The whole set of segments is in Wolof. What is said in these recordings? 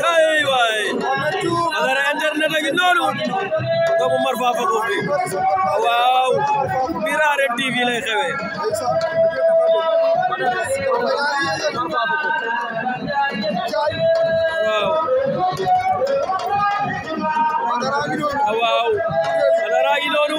kay waay agara internet a ngi noonu doomu Marfa Faco bi waaw Birar TV lay xewe waaw agara a ngi noonu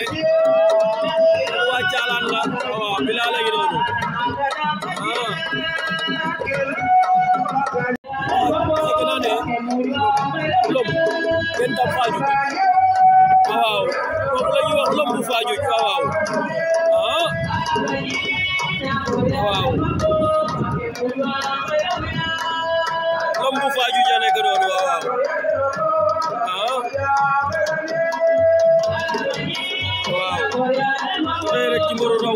Modou Fadiouth waaw waaw ah waaw moom waaw waaw ah waaw tey rek ci de waaw tey ci mboru raw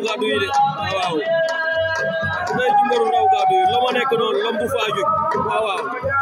gàddu yi la ma nekk noonu moom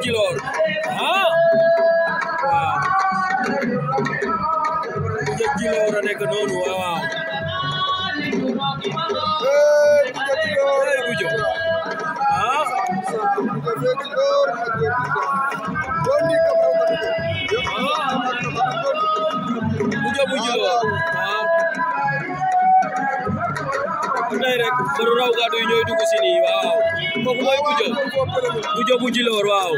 Cilor. हाँ ah. ah. Cilor ada kenon ah, Direct, baru raw gaduh nyoy dulu sini, wow. kooku mooy Goudio Goudio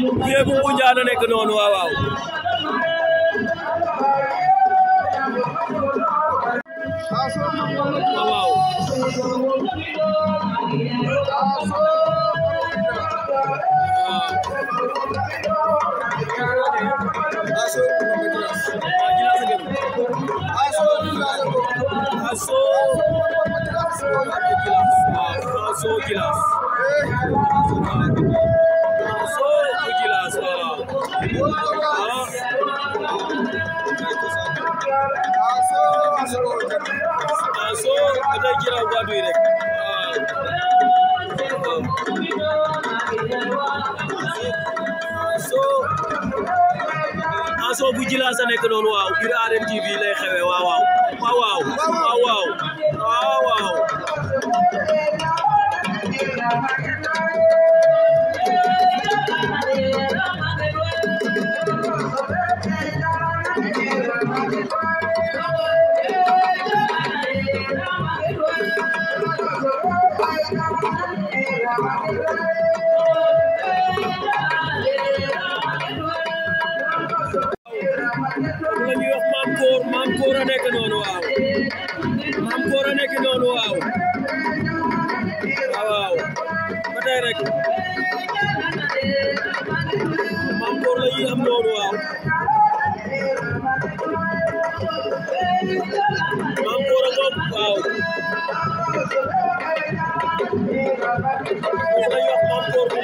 fee bu Ngunjaan a nekk waaw waaw waaw Aso Aso so ada kira gua duit rek so aso bu jilaasa nekk noonu waaw biir arem waaw waaw waaw waaw waaw waaw 我们要欢呼。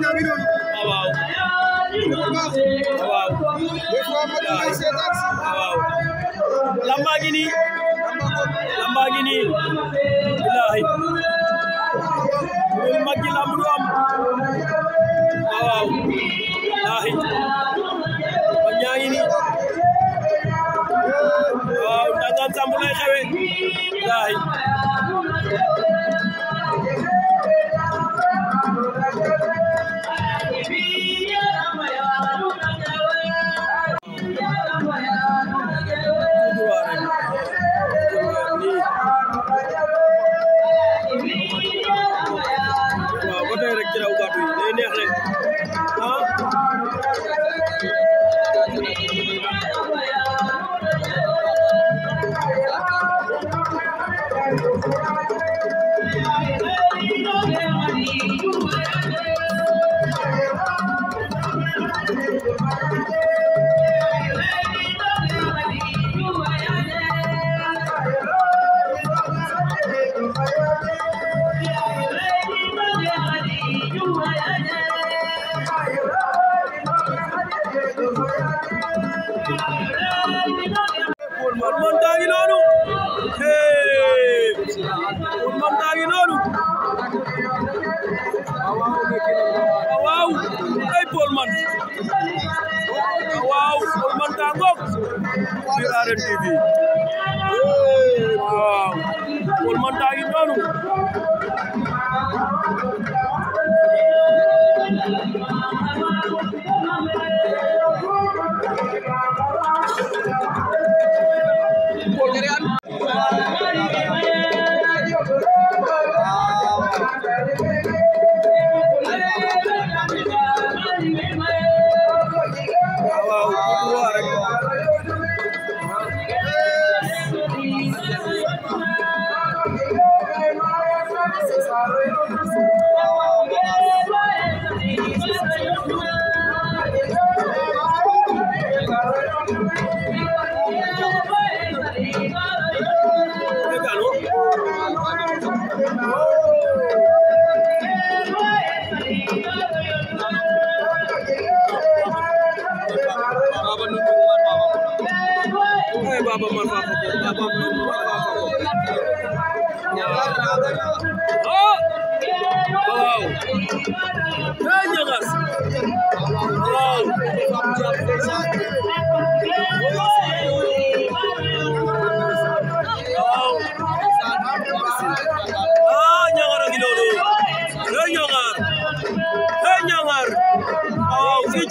ñaari yoon waaw waaw def ko ma def seetaan si waaw lamba gi nii lamba gi nii billahi lu mag gi lamb du am waaw billahi ba ñaa ngi nii waaw ndagaan sambu lay xewe billahi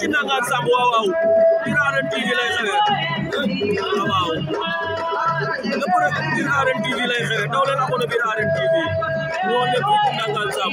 ci nangaan sam TV lay xewee waaw lépp rek Birarène TV lay xewee daw leen abonné Birarène TV moo nekk ci nangaan sam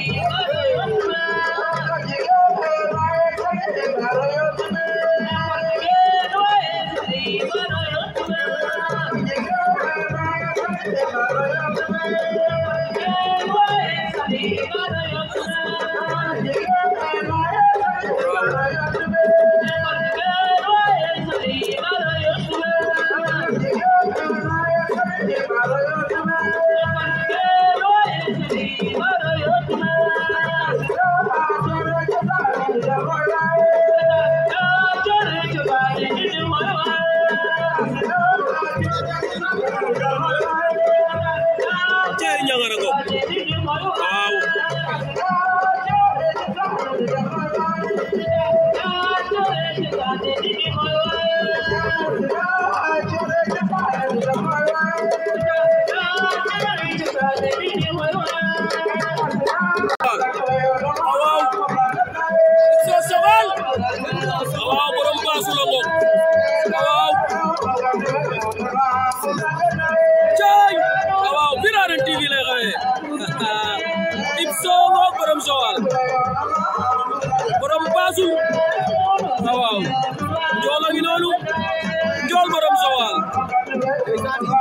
rasul waaw njool borom sowal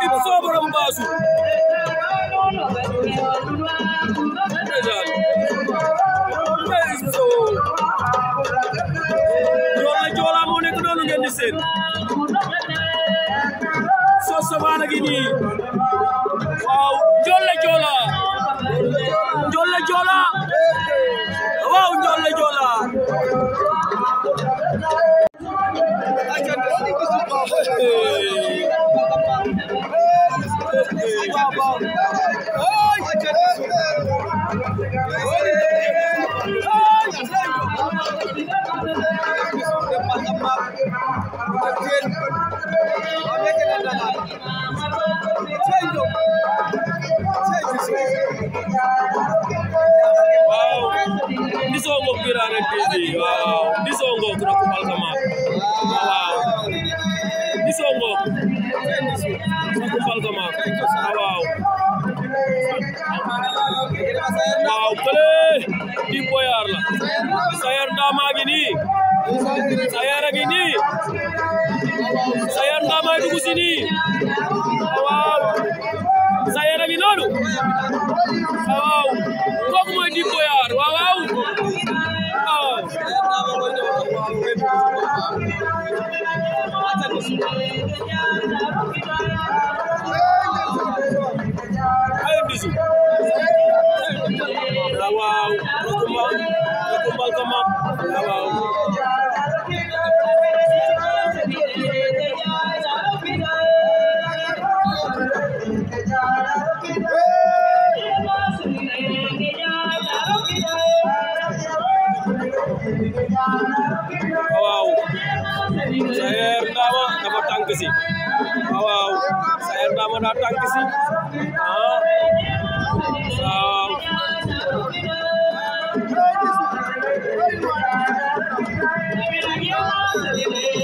ib soo borom baasu njool a moo nekk noonu ngeen soo sobaana gi nii Ei! vamos Ei! Saya nih gini saya nih saya dama itu dulu sini wow saya lagi nolu wow kok mau di koyar wow wow Ayo wow, Wow, wow. Cissé saya Saer Ndama daa tànk ah Thank you.